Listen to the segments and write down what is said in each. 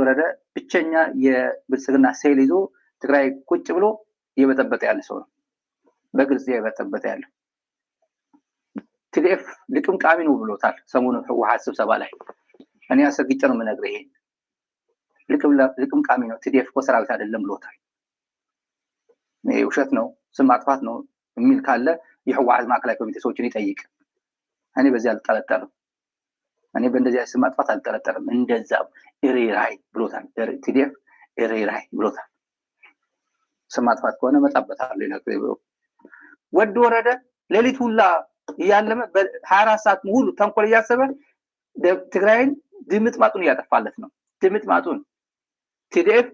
ወረደ ብቸኛ የብልጽግና ሴል ይዞ ትግራይ ቁጭ ብሎ እየበጠበጠ ያለ ሰው ነው። በግልጽ እየበጠበጠ ያለው ቲዲኤፍ ቃሚ ነው ብሎታል። ሰሞኑን ህወሓት ስብሰባ ላይ እኔ አሰግጨ ነው የምነግርህ፣ ይሄን ልቅምቃሚ ነው ቲዲኤፍ እኮ ሰራዊት አይደለም ብሎታል። ውሸት ነው፣ ስም ማጥፋት ነው የሚል ካለ የህወሓት ማዕከላዊ ኮሚቴ ሰዎችን ይጠይቅ። እኔ በዚህ አልጠረጠርም። እኔ በእንደዚህ ስም ማጥፋት አልጠረጠርም። እንደዛ እሬራይ ብሎታል፣ ቲዲፍ እሬራይ ብሎታል። ስም ማጥፋት ከሆነ መጣበታል። ሌላ ወድ ወረደ ሌሊት ሁላ እያለመ በሀያ አራት ሰዓት ሙሉ ተንኮል እያሰበ ትግራይን ድምጥ ማጡን እያጠፋለት ነው። ድምጥ ማጡን ቲዲፍ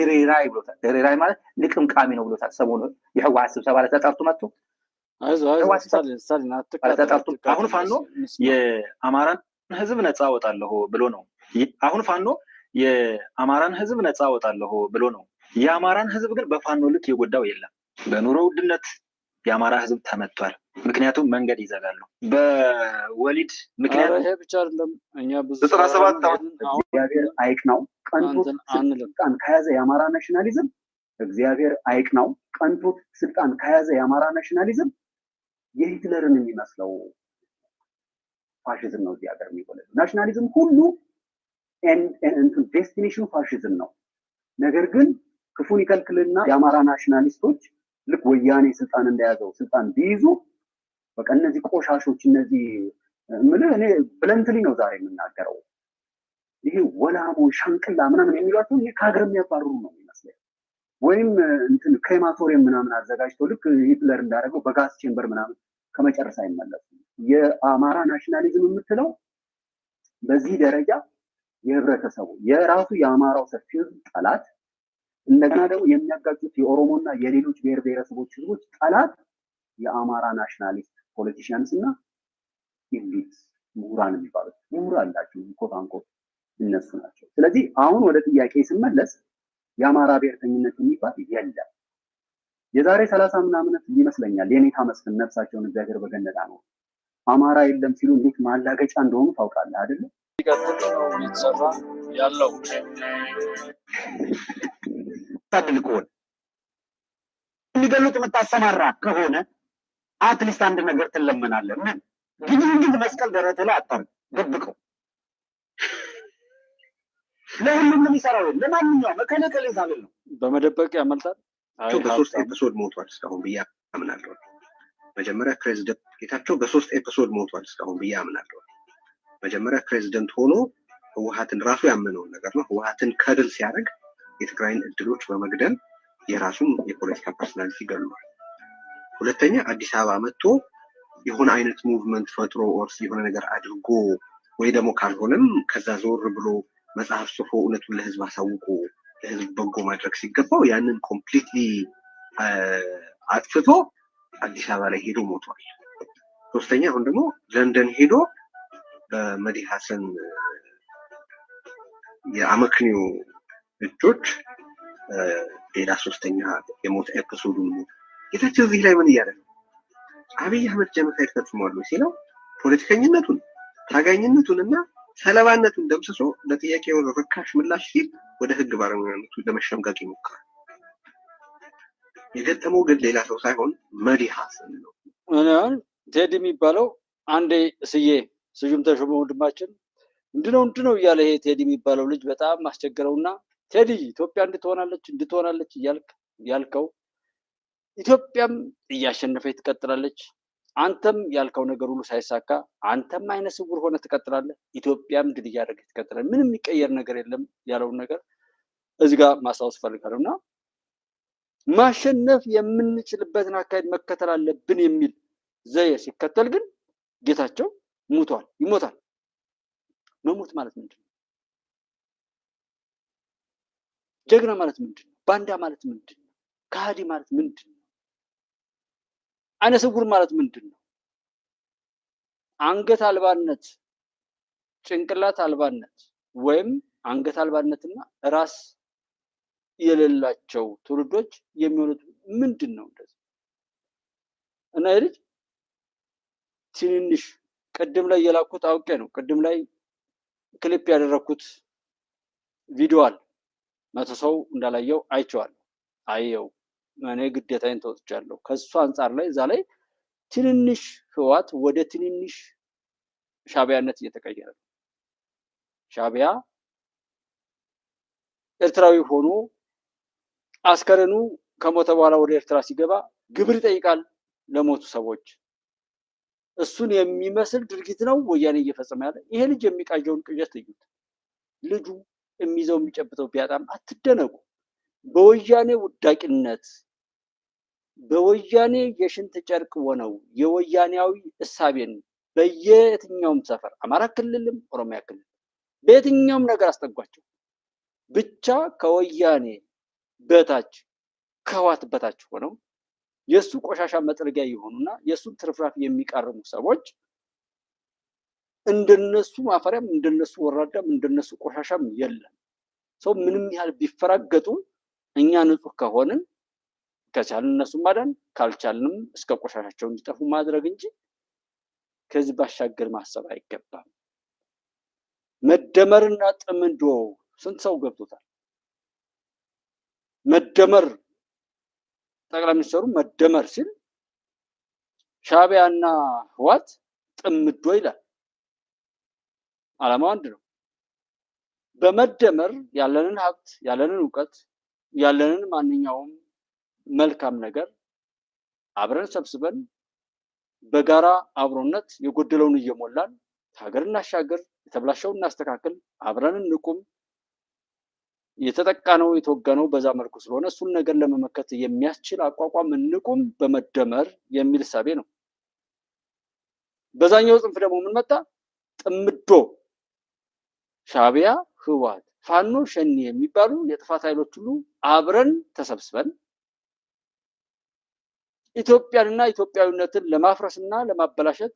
ኢሬራይ ብሎታል። ኢሬራይ ማለት ልቅምቃሚ ነው ብሎታል። ሰሞኑ የህወሓት ስብሰባ ለተጠርቱ መጥቶ ተጠርቶ አሁን ፋኖ የአማራን ህዝብ ነፃ አወጣለሁ ብሎ ነው። አሁን ፋኖ የአማራን ህዝብ ነፃ አወጣለሁ ብሎ ነው። የአማራን ህዝብ ግን በፋኖ ልክ የጎዳው የለም። በኑሮ ውድነት የአማራ ህዝብ ተመቷል። ምክንያቱም መንገድ ይዘጋሉ። በወሊድ ምክንያት ሰባት እግዚአብሔር አይቅ ነው ቀንቶት ስልጣን ከያዘ የአማራ ናሽናሊዝም እግዚአብሔር አይቅ ነው ቀንቶት ስልጣን ከያዘ የአማራ ናሽናሊዝም የሂትለርን የሚመስለው ፋሽዝም ነው እዚህ ሀገር የሚወለዱ ናሽናሊዝም ሁሉ ዴስቲኔሽኑ ፋሽዝም ነው። ነገር ግን ክፉን ይከልክልና የአማራ ናሽናሊስቶች ልክ ወያኔ ስልጣን እንደያዘው ስልጣን ቢይዙ በቃ እነዚህ ቆሻሾች እነዚህ ምልህ እኔ ብለንትሊ ነው ዛሬ የምናገረው ይሄ ወላሞ ሻንቅላ ምናምን የሚሏቸው ይህ ከሀገር የሚያባርሩ ነው የሚመስለኝ። ወይም እንትን ክሬማቶሪየም ምናምን አዘጋጅተው ልክ ሂትለር እንዳደረገው በጋዝ ቼምበር ምናምን ከመጨረስ አይመለሱም። የአማራ ናሽናሊዝም የምትለው በዚህ ደረጃ የህብረተሰቡ የራሱ የአማራው ሰፊ ህዝብ ጠላት፣ እንደገና ደግሞ የሚያጋጩት የኦሮሞና የሌሎች ብሔር ብሔረሰቦች ህዝቦች ጠላት የአማራ ናሽናሊስት ፖለቲሽያንስ እና ኢሊት ምሁራን የሚባሉት ምሁር አላቸው ኮታንኮት እነሱ ናቸው። ስለዚህ አሁን ወደ ጥያቄ ስመለስ የአማራ ብሔርተኝነት የሚባል የለም። የዛሬ ሰላሳ ምናምን ይመስለኛል የኔታ መስፍን ነፍሳቸውን እግዚአብሔር በገነዳ ነው አማራ የለም ሲሉ እንዴት ማላገጫ እንደሆኑ ታውቃለህ አይደለም። ሊቀጥል የተሰራ ያለው ታድል ከሆነ የሚገሉት የምታሰማራ ከሆነ አትሊስት አንድ ነገር ትለመናለህ። ምን ግን መስቀል ደረት ላይ አታር ደብቀው ለሁሉም የሚሰራው ለማንኛውም መከለከል ይዛልል ነው በመደበቅ ያመልጣል። ቸው በሶስት ኤፒሶድ ሞቷል እስካሁን ብዬ አምናለሁ። መጀመሪያ ፕሬዚደንት ጌታቸው በሶስት ኤፒሶድ ሞቷል እስካሁን ብዬ አምናለሁ። መጀመሪያ ፕሬዚደንት ሆኖ ህወሀትን ራሱ ያመነውን ነገር ነው። ህወሀትን ከድል ሲያደርግ የትግራይን እድሎች በመግደል የራሱን የፖለቲካ ፐርሶናሊቲ ገሏል። ሁለተኛ አዲስ አበባ መጥቶ የሆነ አይነት ሙቭመንት ፈጥሮ ኦርስ የሆነ ነገር አድርጎ ወይ ደግሞ ካልሆነም ከዛ ዞር ብሎ መጽሐፍ ጽፎ እውነቱን ለህዝብ አሳውቆ ለህዝብ በጎ ማድረግ ሲገባው ያንን ኮምፕሊትሊ አጥፍቶ አዲስ አበባ ላይ ሄዶ ሞቷል። ሶስተኛ አሁን ደግሞ ለንደን ሄዶ በመዲ ሀሰን እጆች ሌላ ሶስተኛ የሞት ኤፒሶዱን ሞት ጌታቸው እዚህ ላይ ምን እያለ ነው? አብይ አህመድ ጀኖሳይድ ፈጽሟል ሲለው ፖለቲከኝነቱን ታጋኝነቱን እና ሰለባነቱን ደምስሶ ለጥያቄው ርካሽ ምላሽ ሲል ወደ ህግ ባለሙያነቱ ለመሸምጋቅ ይሞክራል። የገጠመው ግን ሌላ ሰው ሳይሆን መሪ ሀሰን ነው። ቴድ የሚባለው አንዴ ስዬ ስዩም ተሾመ ወንድማችን እንድነው እንድነው እያለ ይሄ ቴድ የሚባለው ልጅ በጣም አስቸግረውና ቴዲ ኢትዮጵያ እንድትሆናለች እንድትሆናለች እያልከው ኢትዮጵያም እያሸነፈች ትቀጥላለች አንተም ያልከው ነገር ሁሉ ሳይሳካ አንተም አይነ ስውር ሆነ ትቀጥላለህ፣ ኢትዮጵያም ድል እያደረገ ትቀጥላለህ፣ ምንም የሚቀየር ነገር የለም ያለውን ነገር እዚህ ጋር ማስታወስ እፈልጋለሁ እና ማሸነፍ የምንችልበትን አካሄድ መከተል አለብን የሚል ዘዬ ሲከተል ግን ጌታቸው ሙቷል፣ ይሞታል። መሞት ማለት ምንድን ነው? ጀግና ማለት ምንድን ነው? ባንዳ ማለት ምንድን ነው? ከሃዲ ማለት ምንድን ነው? አይነ ስውር ማለት ምንድን ነው? አንገት አልባነት፣ ጭንቅላት አልባነት ወይም አንገት አልባነትና ራስ የሌላቸው ትውልዶች የሚሆኑት ምንድን ነው? እንደዚህ እና ልጅ ትንንሽ ቅድም ላይ የላኩት አውቄ ነው። ቅድም ላይ ክሊፕ ያደረግኩት ቪዲዮ አለ። መቶ ሰው እንዳላየው አይቼዋለሁ። አየው እኔ ግዴታዬን ተወጥቻለሁ። ከሱ አንጻር ላይ እዛ ላይ ትንንሽ ህዋት ወደ ትንንሽ ሻቢያነት እየተቀየረ ነው። ሻቢያ ኤርትራዊ ሆኖ አስከረኑ ከሞተ በኋላ ወደ ኤርትራ ሲገባ ግብር ይጠይቃል ለሞቱ ሰዎች። እሱን የሚመስል ድርጊት ነው ወያኔ እየፈጸመ ያለ። ይሄ ልጅ የሚቃዠውን ቅዠት እዩት። ልጁ የሚይዘው የሚጨብጠው ቢያጣም አትደነቁ። በወያኔ ውዳቂነት በወያኔ የሽንት ጨርቅ ሆነው የወያኔያዊ እሳቤን በየትኛውም ሰፈር አማራ ክልልም ኦሮሚያ ክልል በየትኛውም ነገር አስጠጓቸው። ብቻ ከወያኔ በታች ከህዋት በታች ሆነው የእሱ ቆሻሻ መጥረጊያ የሆኑና የእሱ ትርፍራፍ የሚቃርሙ ሰዎች እንደነሱ ማፈሪያም እንደነሱ ወራዳም እንደነሱ ቆሻሻም የለም። ሰው ምንም ያህል ቢፈራገጡ እኛ ንጹህ ከሆንን ከቻልን እነሱ ማዳን ካልቻልንም እስከ ቆሻሻቸው እንዲጠፉ ማድረግ እንጂ ከዚህ ባሻገር ማሰብ አይገባም። መደመርና ጥም እንዶ ስንት ሰው ገብቶታል? መደመር ጠቅላይ ሚኒስትሩ መደመር ሲል ና ህዋት ጥምዶ ይላል። አላማው አንድ ነው። በመደመር ያለንን ሀብት፣ ያለንን እውቀት፣ ያለንን ማንኛውም መልካም ነገር አብረን ሰብስበን በጋራ አብሮነት የጎደለውን እየሞላን ሀገር እናሻገር፣ የተብላሸውን እናስተካክል፣ አብረን እንቁም። የተወጋ ነው በዛ መልኩ ስለሆነ እሱን ነገር ለመመከት የሚያስችል አቋቋም እንቁም በመደመር የሚል ሳቤ ነው። በዛኛው ጽንፍ ደግሞ ምን መጣ? ጥምዶ ሻቢያ ህወሓት፣ ፋኖ፣ ሸኒ የሚባሉ የጥፋት ኃይሎች ሁሉ አብረን ተሰብስበን ኢትዮጵያንና ኢትዮጵያዊነትን ለማፍረስና ለማበላሸት፣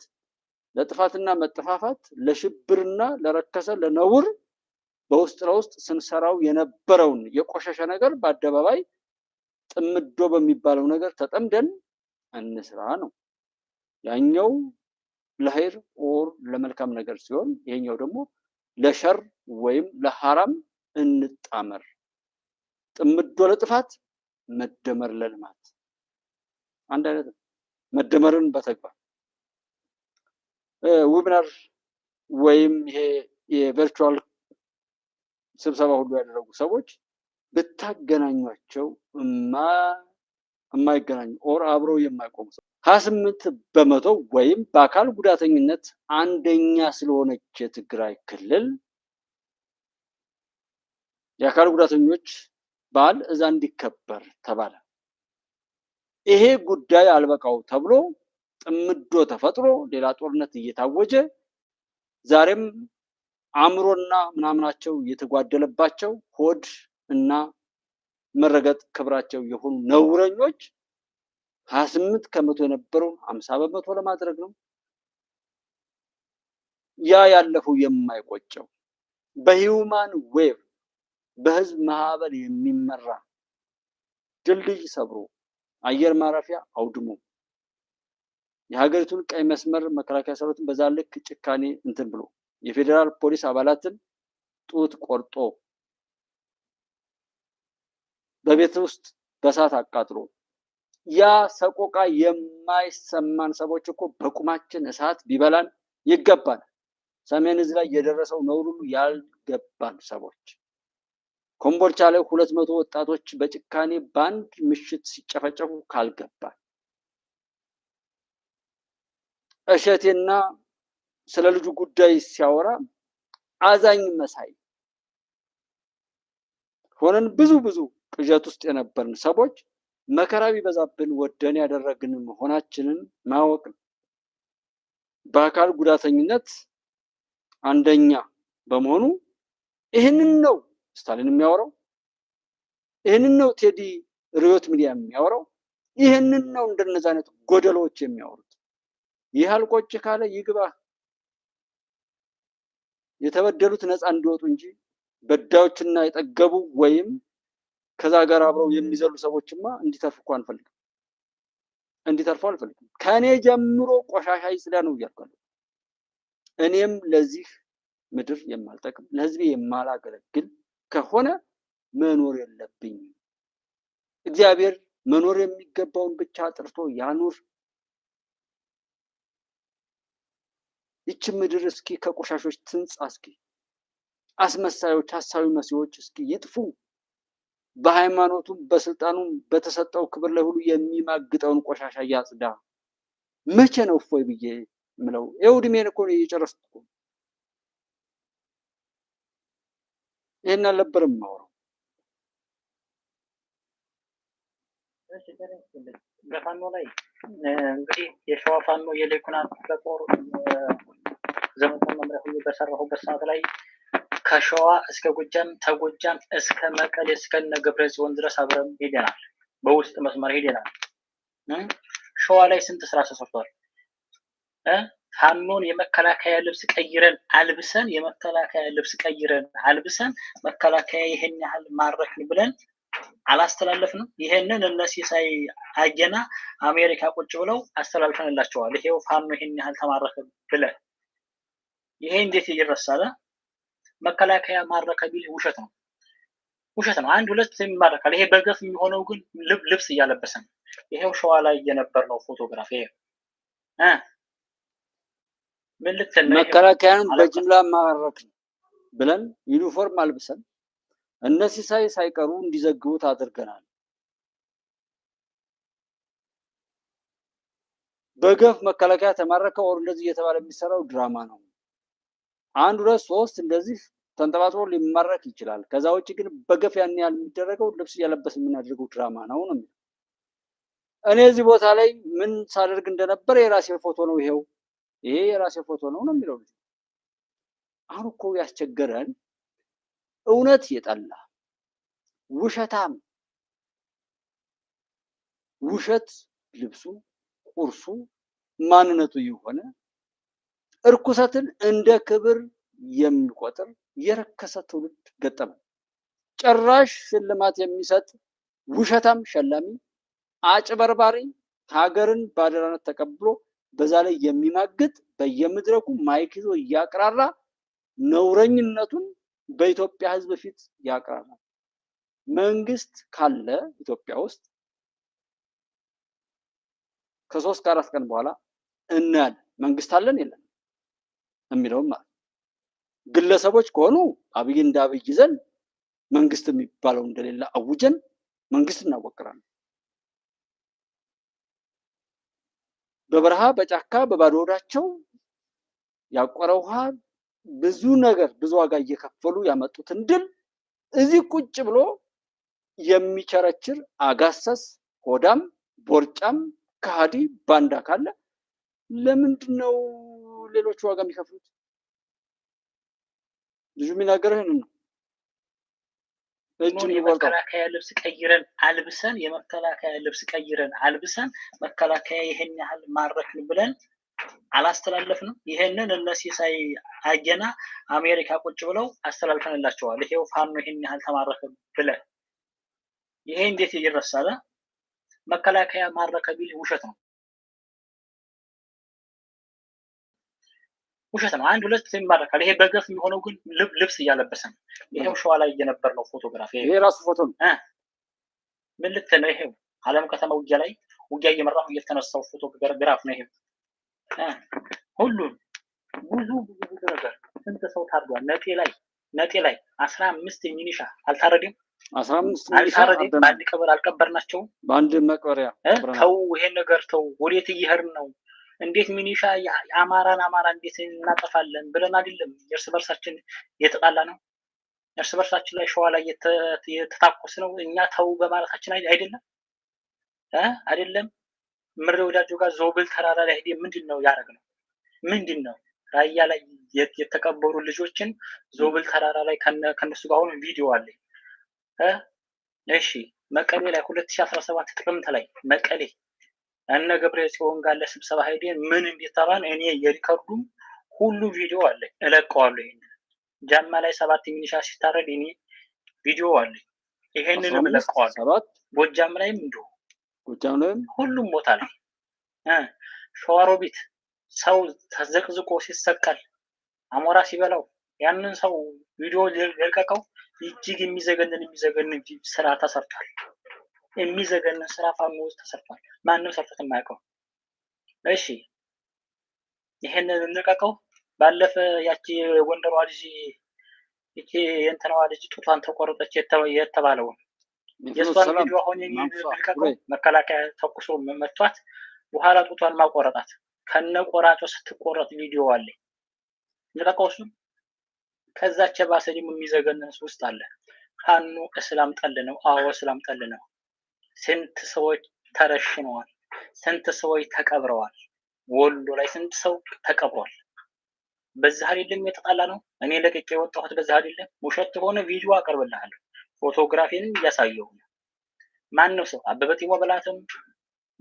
ለጥፋትና መጠፋፋት፣ ለሽብርና ለረከሰ ለነውር በውስጥ ለውስጥ ስንሰራው የነበረውን የቆሸሸ ነገር በአደባባይ ጥምዶ በሚባለው ነገር ተጠምደን እንስራ ነው። ያኛው ለሀይር ኦር ለመልካም ነገር ሲሆን ይሄኛው ደግሞ ለሸር ወይም ለሀራም እንጣመር። ጥምዶ ለጥፋት መደመር ለልማት አንድ አይነት መደመርን በተግባር ዌቢናር ወይም ይሄ የቨርቹዋል ስብሰባ ሁሉ ያደረጉ ሰዎች ብታገናኟቸው የማይገናኙ ኦር አብረው የማይቆሙ ሰው ሀያ ስምንት በመቶ ወይም በአካል ጉዳተኝነት አንደኛ ስለሆነች የትግራይ ክልል የአካል ጉዳተኞች በዓል እዛ እንዲከበር ተባለ። ይሄ ጉዳይ አልበቃው ተብሎ ጥምዶ ተፈጥሮ ሌላ ጦርነት እየታወጀ ዛሬም አእምሮና ምናምናቸው የተጓደለባቸው ሆድ እና መረገጥ ክብራቸው የሆኑ ነውረኞች ሀያ ስምንት ከመቶ የነበረው አምሳ በመቶ ለማድረግ ነው። ያ ያለፈው የማይቆጨው በሂውማን ዌቭ በህዝብ ማህበር የሚመራ ድልድይ ሰብሮ አየር ማረፊያ አውድሞ የሀገሪቱን ቀይ መስመር መከላከያ ሰራዊትን በዛ ልክ ጭካኔ እንትን ብሎ የፌዴራል ፖሊስ አባላትን ጡት ቆርጦ በቤት ውስጥ በሳት አቃጥሎ ያ ሰቆቃ የማይሰማን ሰዎች እኮ በቁማችን እሳት ቢበላን ይገባል። ሰሜን እዝ ላይ የደረሰው ነውር ሁሉ ያልገባን ሰዎች ኮምቦልቻ ላይ ሁለት መቶ ወጣቶች በጭካኔ በአንድ ምሽት ሲጨፈጨፉ ካልገባል እሸቴና ስለ ልጁ ጉዳይ ሲያወራ አዛኝ መሳይ ሆነን ብዙ ብዙ ቅዠት ውስጥ የነበርን ሰዎች መከራ ቢበዛብን ወደን ያደረግን መሆናችንን ማወቅ ነው። በአካል ጉዳተኝነት አንደኛ በመሆኑ ይህንን ነው ስታሊን የሚያወራው ይህንን ነው። ቴዲ ርዮት ሚዲያ የሚያወራው ይህንን ነው። እንደነዚ አይነት ጎደሎዎች የሚያወሩት ይህ አልቆች ካለ ይግባ። የተበደሉት ነፃ እንዲወጡ እንጂ በዳዮችና የጠገቡ ወይም ከዛ ጋር አብረው የሚዘሉ ሰዎችማ እንዲተርፍ እኮ አንፈልግም፣ እንዲተርፉ አልፈልግም። ከእኔ ጀምሮ ቆሻሻ ይጽዳ ነው እያልኳለ። እኔም ለዚህ ምድር የማልጠቅም ለህዝቤ የማላገለግል ከሆነ መኖር የለብኝም። እግዚአብሔር መኖር የሚገባውን ብቻ ጥርቶ ያኑር። ይች ምድር እስኪ ከቆሻሾች ትንጻ፣ እስኪ አስመሳዮች፣ ሀሳዊ መሲዎች እስኪ ይጥፉ። በሃይማኖቱም በስልጣኑም በተሰጠው ክብር ላይ ሁሉ የሚማግጠውን ቆሻሻ እያጽዳ። መቼ ነው እፎይ ብዬ ምለው? ይኸው ዕድሜን እኮ እየጨረስኩ ይህን አልነበርም ማውረው በፋኖ ላይ እንግዲህ የሸዋ ፋኖ የሌኩናት በጦር ዘመቻ መምሪያ ሁሉ በሰራሁበት ሰዓት ላይ ከሸዋ እስከ ጎጃም ተጎጃም እስከ መቀሌ እስከነ ገብረ ጽዮን ድረስ አብረን ሄደናል። በውስጥ መስመር ሄደናል። ሸዋ ላይ ስንት ስራ ተሰርቷል። ፋኖን የመከላከያ ልብስ ቀይረን አልብሰን የመከላከያ ልብስ ቀይረን አልብሰን መከላከያ ይሄን ያህል ማረክን ብለን አላስተላለፍንም። ይሄንን እነ ሲሳይ አየና አሜሪካ ቁጭ ብለው አስተላልፈንላቸዋል። ይሄው ፋኖ ይሄን ያህል ተማረከ ብለን ይሄ እንዴት ይረሳለ? መከላከያ ማረከ ቢል ውሸት ነው ውሸት ነው። አንድ ሁለት ይማረካል። ይሄ በገፍ የሚሆነው ግን ልብስ እያለበሰ ነው። ይሄው ሸዋ ላይ የነበር ነው ፎቶግራፍ ይሄ መከላከያን በጅምላ ማረክ ብለን ዩኒፎርም አልብሰን እነ ሲሳይ ሳይቀሩ እንዲዘግቡት አድርገናል። በገፍ መከላከያ ተማረከ ኦር እንደዚህ እየተባለ የሚሰራው ድራማ ነው። አንድ ሁለት ሶስት እንደዚህ ተንጠባጥሮ ሊማረክ ይችላል። ከዛ ውጭ ግን በገፍ ያን ያህል የሚደረገው ልብስ እያለበስ የምናደርገው ድራማ ነው ነው እኔ እዚህ ቦታ ላይ ምን ሳደርግ እንደነበረ የራሴ ፎቶ ነው ይሄው ይሄ የራሴ ፎቶ ነው ነው የሚለው ልጅ። አሁን እኮ ያስቸገረን እውነት የጠላ ውሸታም፣ ውሸት ልብሱ፣ ቁርሱ፣ ማንነቱ የሆነ እርኩሰትን እንደ ክብር የሚቆጥር የረከሰ ትውልድ ገጠመ ጭራሽ ሽልማት የሚሰጥ ውሸታም ሸላሚ፣ አጭበርባሪ ሀገርን ባደራነት ተቀብሎ በዛ ላይ የሚማግጥ በየመድረኩ ማይክ ይዞ እያቅራራ ነውረኝነቱን በኢትዮጵያ ሕዝብ ፊት ያቅራራል። መንግስት ካለ ኢትዮጵያ ውስጥ ከሶስት ከአራት ቀን በኋላ እናያለን። መንግስት አለን የለን የሚለውም ማለት ግለሰቦች ከሆኑ አብይ እንደ አብይ ይዘን መንግስት የሚባለው እንደሌለ አውጀን መንግስት እናወቅራለን። በበረሃ በጫካ በባዶ ሆዳቸው ያቆረ ውሃ ብዙ ነገር ብዙ ዋጋ እየከፈሉ ያመጡትን ድል እዚህ ቁጭ ብሎ የሚቸረችር አጋሰስ፣ ሆዳም፣ ቦርጫም፣ ከሃዲ ባንዳ ካለ ለምንድን ነው ሌሎች ዋጋ የሚከፍሉት? ልጁ የሚናገርህን ነው። እጁን የመከላከያ ልብስ ቀይረን አልብሰን የመከላከያ ልብስ ቀይረን አልብሰን መከላከያ ይሄን ያህል ማረክን ብለን አላስተላለፍንም። ይህንን እነ ሲሳይ አጌና አሜሪካ ቁጭ ብለው አስተላልፈንላቸዋል። ይሄው ፋኖ ይሄን ያህል ተማረከ ብለን ይሄ እንዴት ይረሳል? መከላከያ ማረከ ቢል ውሸት ነው። ውሸት ነው። አንድ ሁለት ይማረካል። ይሄ በገፍ የሚሆነው ግን ልብስ እያለበሰ ነው። ይሄው ሸዋ ላይ እየነበር ነው ፎቶግራፍ። ይሄ ራሱ ፎቶ ነው። ምን ልት ነው? ይሄው አለም ከተማ ውጊያ ላይ ውጊያ እየመራሁ እየተነሳው ፎቶግራፍ ነው። ይሄው ሁሉም ብዙ ብዙ ብዙ ነገር ስንት ሰው ታርዷል። ነጤ ላይ ነጤ ላይ አስራ አምስት ሚኒሻ አልታረድም አልታረድም። በአንድ ቀበር አልቀበርናቸውም። በአንድ መቅበሪያ ተው፣ ይሄን ነገር ተው፣ ወዴት እየሄድን ነው? እንዴት ሚኒሻ የአማራን አማራ እንዴት እናጠፋለን ብለን አይደለም እርስ በርሳችን እየተጣላ ነው እርስ በርሳችን ላይ ሸዋ ላይ የተታኮስ ነው እኛ ተው በማለታችን አይደለም አይደለም ምሬ ወዳጆ ጋር ዞብል ተራራ ላይ ሄደ ምንድን ነው ያደረግ ነው ምንድን ነው ራያ ላይ የተቀበሩ ልጆችን ዞብል ተራራ ላይ ከነሱ ጋር ሆኖ ቪዲዮ አለኝ እሺ መቀሌ ላይ 2017 ጥቅምት ላይ መቀሌ እነ ገብረ ጽዮን ጋር ለስብሰባ ሄደን ምን እንዲተባል እኔ የሪከርዱም ሁሉ ቪዲዮ አለ እለቀዋለሁ። ይሄንን ጃማ ላይ ሰባት ሚኒሻ ሲታረድ እኔ ቪዲዮ አለ ይሄንንም እለቀዋለሁ። ጎጃም ላይም እንዲሁ ጎጃም ላይም ሁሉም ቦታ ላይ ሸዋሮቢት ሰው ተዘቅዝቆ ሲሰቀል አሞራ ሲበላው ያንን ሰው ቪዲዮ ልልቀቀው እጅግ የሚዘገንን የሚዘገንን ስራ ተሰርቷል። የሚዘገንን ስራ ፋኖ ውስጥ ተሰርቷል። ማንም ሰርቶት የማያውቀው እሺ፣ ይሄን እንልቀቀው። ባለፈ ያቺ የጎንደሯ ልጅ ይቺ የእንትናዋ ልጅ ጡቷን ተቆረጠች የተባለው የእሷን ቪዲዮ አሁን የሚልቀቀው መከላከያ ተኩሶ መቷት፣ በኋላ ጡቷን ማቆረጣት ከነ ቆራጮ ስትቆረጥ ቪዲዮ አለ። ልቀቀው እሱ። ከዛች የባሰ ደግሞ የሚዘገንን ውስጥ አለ። ፋኖ እስላም ጠል ነው። አዎ እስላም ጠል ነው። ስንት ሰዎች ተረሽነዋል። ስንት ሰዎች ተቀብረዋል። ወሎ ላይ ስንት ሰው ተቀብሯል። በዛ አይደለም የተጣላ ነው። እኔ ለቅቄ የወጣሁት በዛ አይደለም። ውሸት ከሆነ ቪዲዮ አቀርብልሃለሁ። ፎቶግራፊንም እያሳየው ነው። ማነው ሰው አበበ ጢሞ በላትም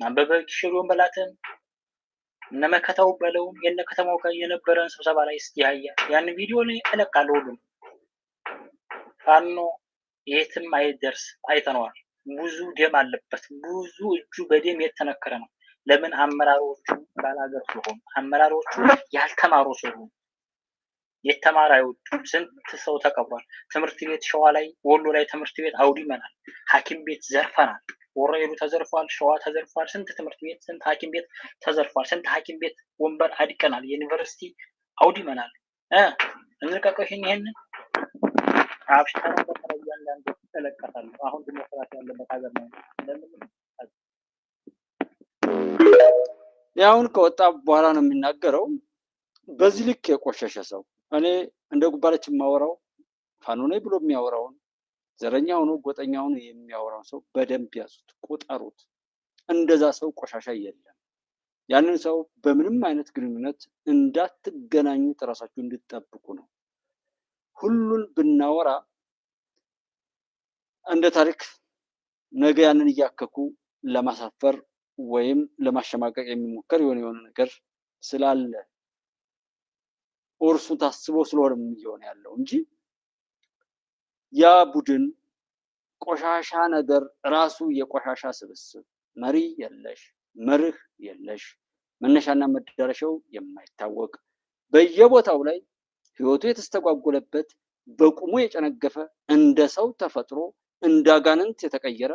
አበበ ኪሽሮን በላትም እነመከታው በለውም የነ ከተማው ጋር የነበረን ስብሰባ ላይ እስቲ ያያ ያን ቪዲዮ ላይ እለቃለሁ። ሁሉም ፋኖ የትም አይደርስ አይተነዋል። ብዙ ደም አለበት። ብዙ እጁ በደም የተነከረ ነው። ለምን አመራሮቹ ባላገር ስለሆኑ፣ አመራሮቹ ያልተማሩ ስለሆኑ የተማረ አይወጡ። ስንት ሰው ተቀብሯል። ትምህርት ቤት ሸዋ ላይ ወሎ ላይ ትምህርት ቤት አውድመናል። ሐኪም ቤት ዘርፈናል። ወረኢሉ ተዘርፏል። ሸዋ ተዘርፏል። ስንት ትምህርት ቤት ስንት ሐኪም ቤት ተዘርፏል። ስንት ሐኪም ቤት ወንበር አድቀናል። የዩኒቨርሲቲ አውድመናል። እንልቀቀሽን ይሄንን አብሽታራ ተለቀሳል። አሁን ዲሞክራሲ ያለበት ሀገር ነው። አሁን ከወጣ በኋላ ነው የሚናገረው። በዚህ ልክ የቆሸሸ ሰው እኔ እንደ ጉባለች የማወራው ፋኖ ነኝ ብሎ የሚያወራውን ዘረኛ ሆኖ ጎጠኛ ሆኖ የሚያወራውን ሰው በደንብ ያዙት፣ ቁጠሩት። እንደዛ ሰው ቆሻሻ የለም። ያንን ሰው በምንም አይነት ግንኙነት እንዳትገናኙት ራሳችሁ እንድትጠብቁ ነው። ሁሉን ብናወራ እንደ ታሪክ ነገ ያንን እያከኩ ለማሳፈር ወይም ለማሸማቀቅ የሚሞከር የሆነ የሆነ ነገር ስላለ እርሱ ታስቦ ስለሆነም እየሆነ ያለው እንጂ ያ ቡድን ቆሻሻ ነገር ራሱ የቆሻሻ ስብስብ መሪ የለሽ መርህ የለሽ መነሻና መዳረሻው የማይታወቅ በየቦታው ላይ ህይወቱ የተስተጓጎለበት በቁሙ የጨነገፈ እንደ ሰው ተፈጥሮ እንዳጋንንት የተቀየረ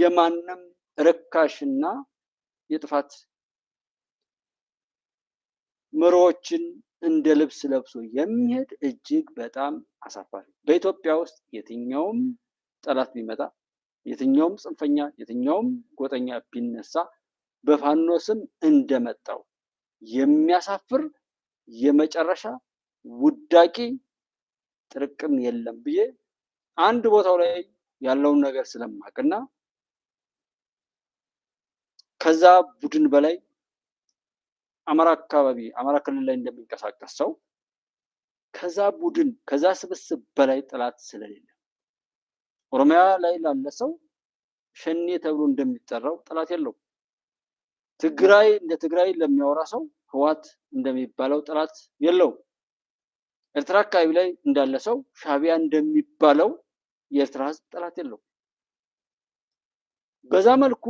የማንም ርካሽና የጥፋት ምሮዎችን እንደ ልብስ ለብሶ የሚሄድ እጅግ በጣም አሳፋሪ። በኢትዮጵያ ውስጥ የትኛውም ጠላት ቢመጣ፣ የትኛውም ጽንፈኛ፣ የትኛውም ጎጠኛ ቢነሳ በፋኖ ስም እንደመጣው የሚያሳፍር የመጨረሻ ውዳቂ ጥርቅም የለም ብዬ አንድ ቦታው ላይ ያለውን ነገር ስለማቅና ከዛ ቡድን በላይ አማራ አካባቢ አማራ ክልል ላይ እንደሚንቀሳቀስ ሰው ከዛ ቡድን ከዛ ስብስብ በላይ ጠላት ስለሌለ ኦሮሚያ ላይ ላለ ሰው ሸኔ ተብሎ እንደሚጠራው ጠላት የለው። ትግራይ እንደ ትግራይ ለሚያወራ ሰው ህዋት እንደሚባለው ጠላት የለውም። ኤርትራ አካባቢ ላይ እንዳለ ሰው ሻቢያ እንደሚባለው የኤርትራ ህዝብ ጠላት የለው። በዛ መልኩ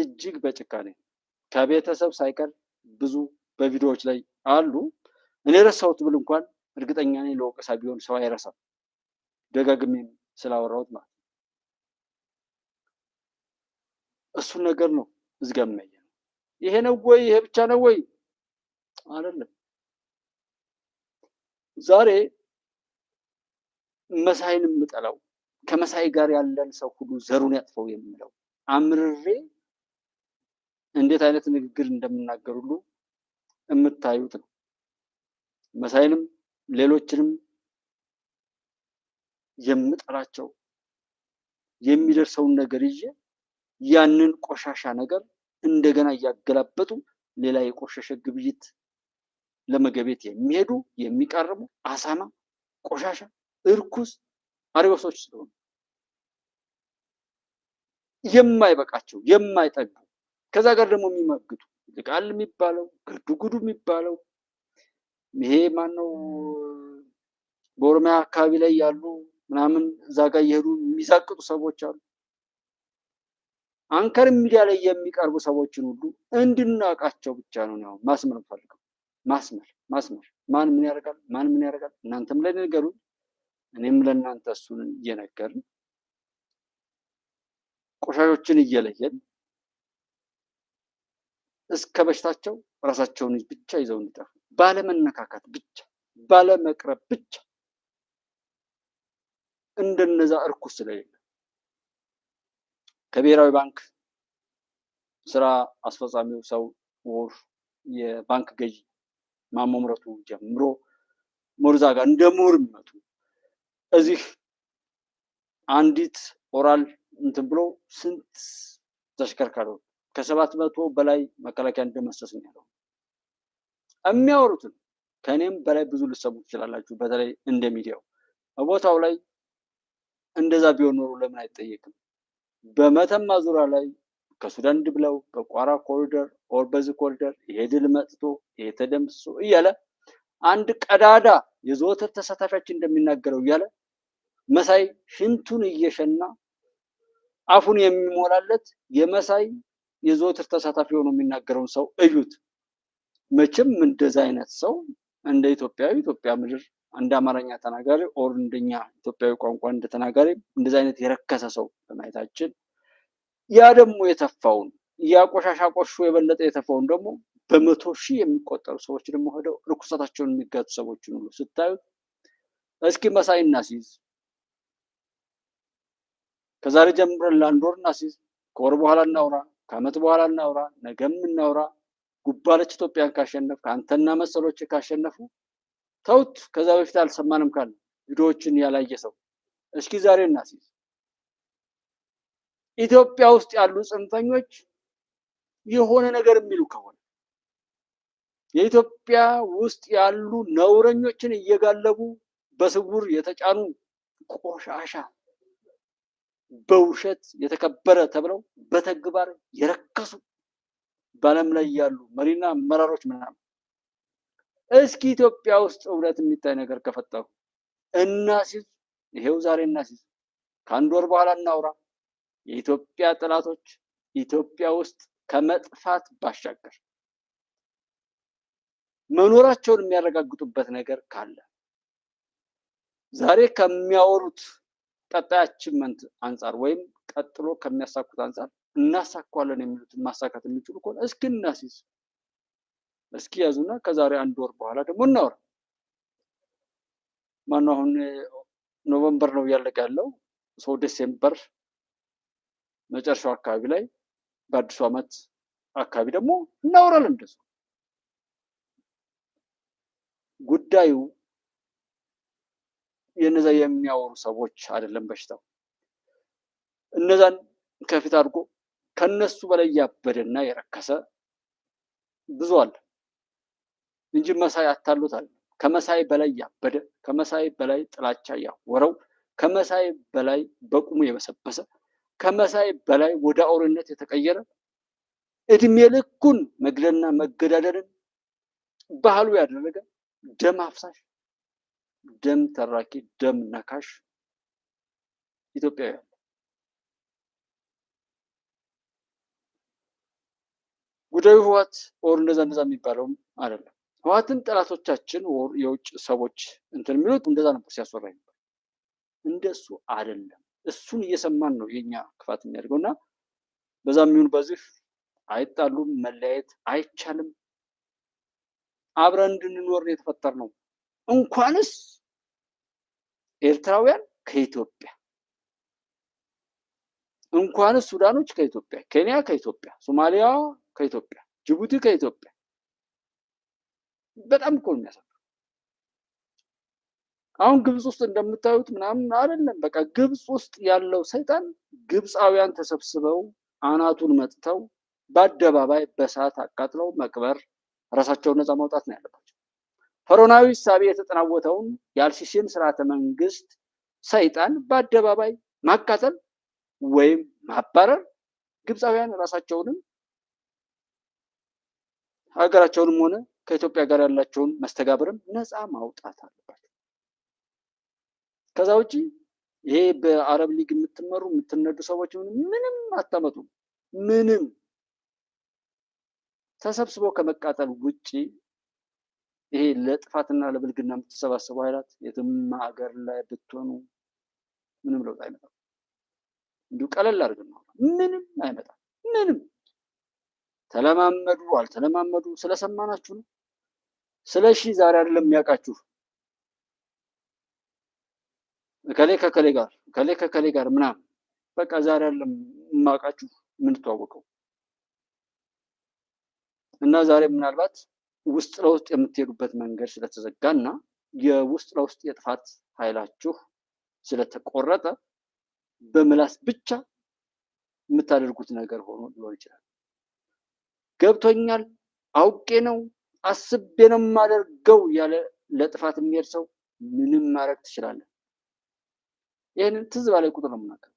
እጅግ በጭካኔ ከቤተሰብ ሳይቀር ብዙ በቪዲዮዎች ላይ አሉ። እኔ ረሳሁት ብል እንኳን እርግጠኛ ነኝ ለወቀሳ ቢሆን ሰው አይረሳም። ደጋግሜም ስላወራሁት ማለት ነው። እሱን ነገር ነው እዚህ የሚያየ ነው። ይሄ ነው ወይ ይሄ ብቻ ነው ወይ አይደለም ዛሬ መሳይን የምጠላው ከመሳይ ጋር ያለን ሰው ሁሉ ዘሩን ያጥፈው የምለው አምርሬ እንዴት አይነት ንግግር እንደምናገር ሁሉ የምታዩት ነው። መሳይንም ሌሎችንም የምጠላቸው የሚደርሰውን ነገር ይዤ ያንን ቆሻሻ ነገር እንደገና እያገላበጡ ሌላ የቆሸሸ ግብይት ለመገቤት የሚሄዱ የሚቀርቡ አሳማ ቆሻሻ እርኩስ አሪዎሶች ስለሆኑ የማይበቃቸው የማይጠግቡ ከዛ ጋር ደግሞ የሚመግቱ ቃል የሚባለው ግዱ የሚባለው ይሄ ነው? በኦሮሚያ አካባቢ ላይ ያሉ ምናምን እዛ ጋር እየሄዱ የሚዛቅጡ ሰዎች አሉ። አንከር ሚዲያ ላይ የሚቀርቡ ሰዎችን ሁሉ እንድናውቃቸው ብቻ ነው ያው ማስመር ፈልገው ማስመር ማስመር ማን ምን ያደርጋል ማን ምን ያደርጋል እናንተም ላይ ነገሩ እኔም ለእናንተ እሱን እየነገርን ቆሻሾችን እየለየን እስከ በሽታቸው ራሳቸውን ብቻ ይዘው እንዲጠፉ ባለመነካካት ብቻ ባለመቅረብ ብቻ እንደነዛ እርኩስ ስለሌለ ከብሔራዊ ባንክ ስራ አስፈጻሚው ሰው ወር የባንክ ገዢ ማሞምረቱ ጀምሮ ሞርዛ ጋር እንደ ምሁር የሚመጡ እዚህ አንዲት ኦራል እንትን ብሎ ስንት ተሽከርካሪ ከሰባት መቶ በላይ መከላከያ እንደመሰስ ነው ያለው። የሚያወሩትን ከእኔም በላይ ብዙ ልሰሙ ትችላላችሁ። በተለይ እንደ ሚዲያው በቦታው ላይ እንደዛ ቢሆን ኖሮ ለምን አይጠየቅም? በመተማ ዙሪያ ላይ ከሱዳን ድብለው በቋራ ኮሪደር ኦር በዚህ ኮሪደር ይሄ ድል መጥቶ ይሄ ተደምስሶ እያለ አንድ ቀዳዳ የዘወትር ተሳታፊያችን እንደሚናገረው እያለ መሳይ ሽንቱን እየሸና አፉን የሚሞላለት የመሳይ የዘወትር ተሳታፊ ሆኖ የሚናገረውን ሰው እዩት። መቼም እንደዛ አይነት ሰው እንደ ኢትዮጵያዊ ኢትዮጵያ ምድር እንደ አማርኛ ተናጋሪ ኦር እንደኛ ኢትዮጵያዊ ቋንቋ እንደ ተናጋሪ እንደዚ አይነት የረከሰ ሰው በማየታችን ያ ደግሞ የተፋውን ያ ቆሻሻ የበለጠ የተፋውን ደግሞ በመቶ ሺህ የሚቆጠሩ ሰዎች ደግሞ ሄደው ርኩሰታቸውን የሚጋጡ ሰዎችን ሁሉ ስታዩት እስኪ መሳይ እናስይዝ ከዛሬ ጀምረን ለአንድ ወር እናስይዝ፣ ከወር በኋላ እናውራ፣ ከአመት በኋላ እናውራ፣ ነገም እናውራ። ጉባለች ኢትዮጵያን ካሸነፍ ከአንተና መሰሎች ካሸነፉ ተውት። ከዛ በፊት አልሰማንም ካለ ቪዲዮዎችን ያላየ ሰው እስኪ ዛሬ እናስይዝ። ኢትዮጵያ ውስጥ ያሉ ጽንፈኞች የሆነ ነገር የሚሉ ከሆነ የኢትዮጵያ ውስጥ ያሉ ነውረኞችን እየጋለቡ በስውር የተጫኑ ቆሻሻ በውሸት የተከበረ ተብለው በተግባር የረከሱ በዓለም ላይ ያሉ መሪና አመራሮች ምናምን እስኪ ኢትዮጵያ ውስጥ እውነት የሚታይ ነገር ከፈጠሩ እናስይዝ። ይሄው ዛሬ እናስይዝ፣ ከአንድ ወር በኋላ እናውራ። የኢትዮጵያ ጠላቶች ኢትዮጵያ ውስጥ ከመጥፋት ባሻገር መኖራቸውን የሚያረጋግጡበት ነገር ካለ ዛሬ ከሚያወሩት ቀጣይ አቺቭመንት አንጻር ወይም ቀጥሎ ከሚያሳኩት አንጻር እናሳኳለን የሚሉትን ማሳካት የሚችሉ ከሆነ እስኪ እናስይዝ፣ እስኪ ያዙና ከዛሬ አንድ ወር በኋላ ደግሞ እናወራ። ማነው አሁን ኖቨምበር ነው እያለቀ ያለው ሰው ዴሴምበር መጨረሻው አካባቢ ላይ በአዲሱ ዓመት አካባቢ ደግሞ እናወራለን እንደሱ ጉዳዩ የነዛ የሚያወሩ ሰዎች አይደለም በሽታው እነዛን ከፊት አድርጎ ከነሱ በላይ ያበደና የረከሰ ብዙ አለ እንጂ መሳይ አታሉት አለ። ከመሳይ በላይ ያበደ፣ ከመሳይ በላይ ጥላቻ ያወረው፣ ከመሳይ በላይ በቁሙ የበሰበሰ፣ ከመሳይ በላይ ወደ አውሬነት የተቀየረ እድሜ ልኩን መግደልና መገዳደልን ባህሉ ያደረገ ደም አፍሳሽ ደም ተራኪ፣ ደም ነካሽ ኢትዮጵያውያን ጉዳዩ ህዋት ወር እንደዛ እንደዛ የሚባለውም አይደለም። ህዋትን ጠላቶቻችን ወር የውጭ ሰዎች እንትን የሚሉት እንደዛ ነበር ሲያስወራ ነበር። እንደሱ አይደለም። እሱን እየሰማን ነው የኛ ክፋት የሚያደርገው እና በዛ የሚሆን በዚህ አይጣሉም፣ መለያየት አይቻልም። አብረን እንድንኖር ነው የተፈጠር ነው። እንኳንስ ኤርትራውያን ከኢትዮጵያ እንኳንስ ሱዳኖች ከኢትዮጵያ፣ ኬንያ ከኢትዮጵያ፣ ሶማሊያ ከኢትዮጵያ፣ ጅቡቲ ከኢትዮጵያ በጣም እኮ የሚያሳፍር አሁን ግብፅ ውስጥ እንደምታዩት ምናምን አይደለም። በቃ ግብፅ ውስጥ ያለው ሰይጣን ግብፃውያን ተሰብስበው አናቱን መጥተው በአደባባይ በሰዓት አቃጥለው መቅበር ራሳቸውን ነፃ ማውጣት ነው ያለባቸው። ፈሮናዊ ሳቤ የተጠናወተውን የአልሲሲን ስርዓተ መንግስት ሰይጣን በአደባባይ ማቃጠል ወይም ማባረር ግብፃውያን ራሳቸውንም ሀገራቸውንም ሆነ ከኢትዮጵያ ጋር ያላቸውን መስተጋብርም ነፃ ማውጣት አለባቸው። ከዛ ውጭ ይሄ በአረብ ሊግ የምትመሩ የምትነዱ ሰዎች ምንም አታመጡም። ምንም ተሰብስበው ከመቃጠል ውጭ ይሄ ለጥፋትና ለብልግና የምትሰባሰቡ ኃይላት የትም ሀገር ላይ ብትሆኑ ምንም ለውጥ አይመጣም። እንዲሁ ቀለል አድርግ ነው ምንም አይመጣም። ምንም ተለማመዱ አልተለማመዱ ስለሰማናችሁ ነው። ስለ ሺ ዛሬ አይደለም የሚያውቃችሁ ከሌ ከከሌ ጋር ከሌ ከከሌ ጋር ምናምን በቃ ዛሬ አይደለም የማውቃችሁ የምንተዋወቀው እና ዛሬ ምናልባት ውስጥ ለውስጥ የምትሄዱበት መንገድ ስለተዘጋ እና የውስጥ ለውስጥ የጥፋት ኃይላችሁ ስለተቆረጠ በምላስ ብቻ የምታደርጉት ነገር ሆኖ ሊሆን ይችላል። ገብቶኛል፣ አውቄ ነው፣ አስቤ ነው የማደርገው ያለ ለጥፋት የሚሄድ ሰው ምንም ማድረግ ትችላለህ። ይህንን ትዝ ባላይ ቁጥር ነው የምናውቀው።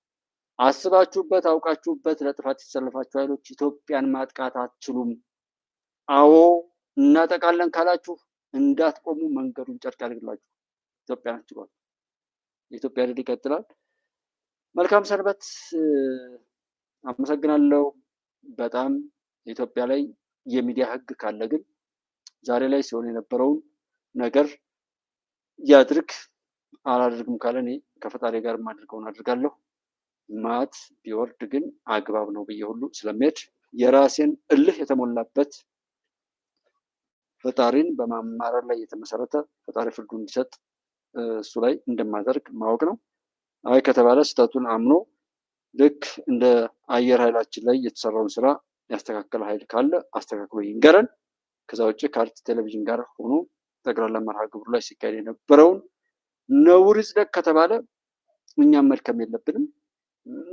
አስባችሁበት አውቃችሁበት ለጥፋት የተሰለፋችሁ ኃይሎች ኢትዮጵያን ማጥቃት አትችሉም። አዎ እናጠቃለን ካላችሁ እንዳትቆሙ መንገዱን ጨርቅ ያደርግላችሁ። ኢትዮጵያ ነች። የኢትዮጵያ ድል ይቀጥላል። መልካም ሰንበት። አመሰግናለሁ በጣም ኢትዮጵያ ላይ የሚዲያ ህግ ካለ ግን ዛሬ ላይ ሲሆን የነበረውን ነገር ያድርግ፣ አላድርግም ካለ እኔ ከፈጣሪ ጋር የማደርገውን አድርጋለሁ። ማት ቢወርድ ግን አግባብ ነው ብዬ ሁሉ ስለሚሄድ የራሴን እልህ የተሞላበት ፈጣሪን በማማረር ላይ የተመሰረተ ፈጣሪ ፍርዱ እንዲሰጥ እሱ ላይ እንደማደርግ ማወቅ ነው። አይ ከተባለ ስህተቱን አምኖ ልክ እንደ አየር ኃይላችን ላይ የተሰራውን ስራ ያስተካከለ ኃይል ካለ አስተካክሎ ይንገረን። ከዛ ውጭ ከአርት ቴሌቪዥን ጋር ሆኖ ጠቅላላ መርሃ ግብሩ ላይ ሲካሄድ የነበረውን ነውር ይጽደቅ ከተባለ እኛም መድከም የለብንም።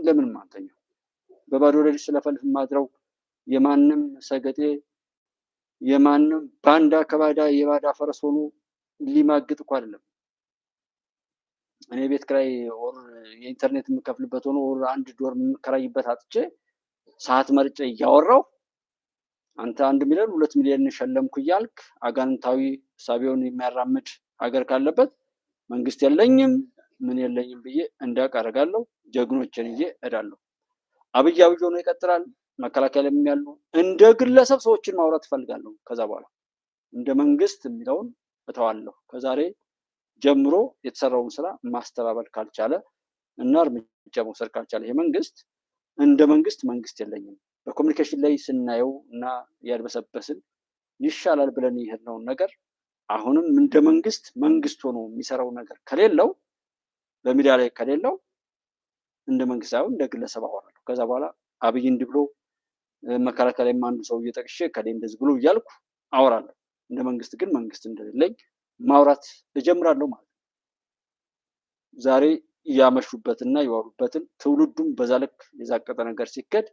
ለምን አንተኛው በባዶ ሌሊት ስለፈልፍ ማድረው የማንም ሰገጤ የማንም ባንዳ ከባዳ የባዳ ፈረስ ሆኖ ሊማግጥ እኮ አይደለም። እኔ ቤት ክራይ ወር የኢንተርኔት የምከፍልበት ሆኖ ወር አንድ ዶር የምከራይበት አጥቼ ሰዓት መርጬ እያወራው አንተ አንድ ሚሊዮን ሁለት ሚሊዮን ሸለምኩ እያልክ አጋንንታዊ ሳቢውን የሚያራምድ ሀገር ካለበት መንግስት የለኝም ምን የለኝም ብዬ እንዳቅ ጀግኖችን ይዤ እዳለሁ። አብይ አብይ ሆኖ ይቀጥላል። መከላከያ ያሉ እንደ ግለሰብ ሰዎችን ማውራት እፈልጋለሁ። ከዛ በኋላ እንደ መንግስት የሚለውን እተዋለሁ። ከዛሬ ጀምሮ የተሰራውን ስራ ማስተባበል ካልቻለ እና እርምጃ መውሰድ ካልቻለ ይሄ መንግስት እንደ መንግስት መንግስት የለኝም። በኮሚኒኬሽን ላይ ስናየው እና ያልበሰበስን ይሻላል ብለን የሄድነውን ነገር አሁንም እንደ መንግስት መንግስት ሆኖ የሚሰራው ነገር ከሌለው በሚዲያ ላይ ከሌለው እንደ መንግስት ሳይሆን እንደ ግለሰብ አወራለሁ። ከዛ በኋላ አብይ እንዲህ ብሎ መከላከላይም አንዱ ሰውዬ ጠቅሼ ከሌ እንደዚህ ብሎ እያልኩ አወራለሁ። እንደ መንግስት ግን መንግስት እንደሌለኝ ማውራት እጀምራለሁ ማለት ነው። ዛሬ እያመሹበትና የዋሉበትን ትውልዱም በዛ ልክ የዛቀጠ ነገር ሲከድ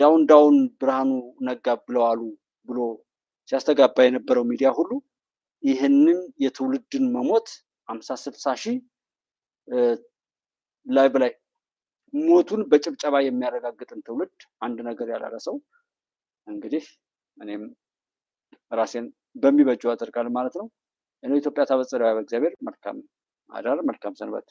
ዳውን ዳውን ብርሃኑ ነጋ ብለዋሉ ብሎ ሲያስተጋባ የነበረው ሚዲያ ሁሉ ይህንን የትውልድን መሞት አምሳ ስልሳ ሺህ ላይ በላይ ሞቱን በጭብጨባ የሚያረጋግጥን ትውልድ አንድ ነገር ያላረሰው እንግዲህ እኔም ራሴን በሚበጁ አደርጋለሁ ማለት ነው። እኔ ኢትዮጵያ ታበጽሕላዊ እግዚአብሔር መልካም አዳር መልካም ሰንበት